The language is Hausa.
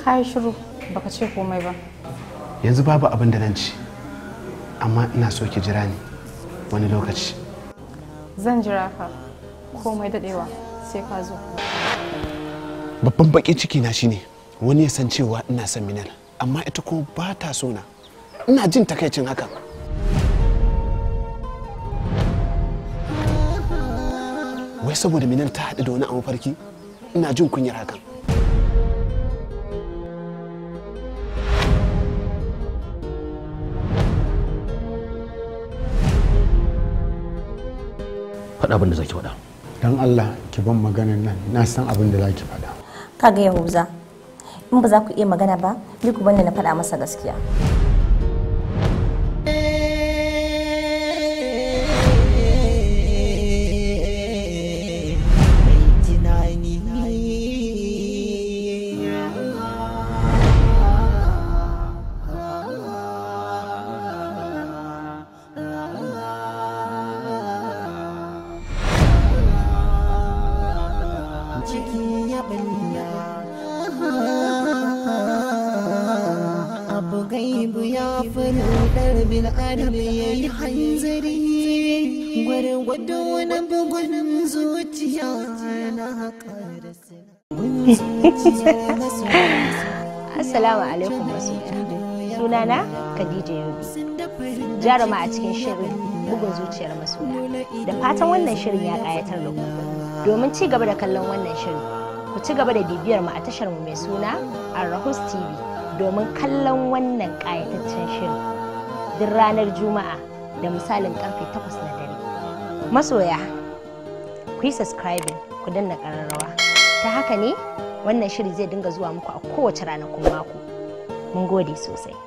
Kai shiru baka ce komai ba. Yanzu babu abin da ci. Amma ina so ki jira ni wani lokaci. Zan jira ka komai dadewa sai ka zo. Babban bakin ciki na shine wani ya san cewa ina son Minal amma ita ko ba ta so Ina jin takaicin hakan. Wai saboda Minal ta haɗu da wani a mafarki ina jin kunyar hakan. faɗa abin da zaki faɗa dan Allah ki ban maganan nan na san abin da zaki faɗa kaga yahuza in ba za ku iya magana ba ni ku bani na faɗa masa gaskiya kafin ɗan bil ya yi hanzari wani bugun zuciya na haka da Assalamu alaikum masu sunana Khadija Yobi jaruma a cikin shirin bugun zuciyar masoya da fatan wannan shirin ya kayatar da ku domin ci gaba da kallon wannan shirin ku ci gaba da bibiyar mu a tashar mu mai suna Arrahus TV domin kallon wannan ƙayataccen shirin duk ranar juma'a da misalin karfe 8 na dare masoya ku yi subscribing ku danna ƙararrawa ta haka ne wannan shiri zai dinga zuwa muku a kowace ranakun mako mun gode sosai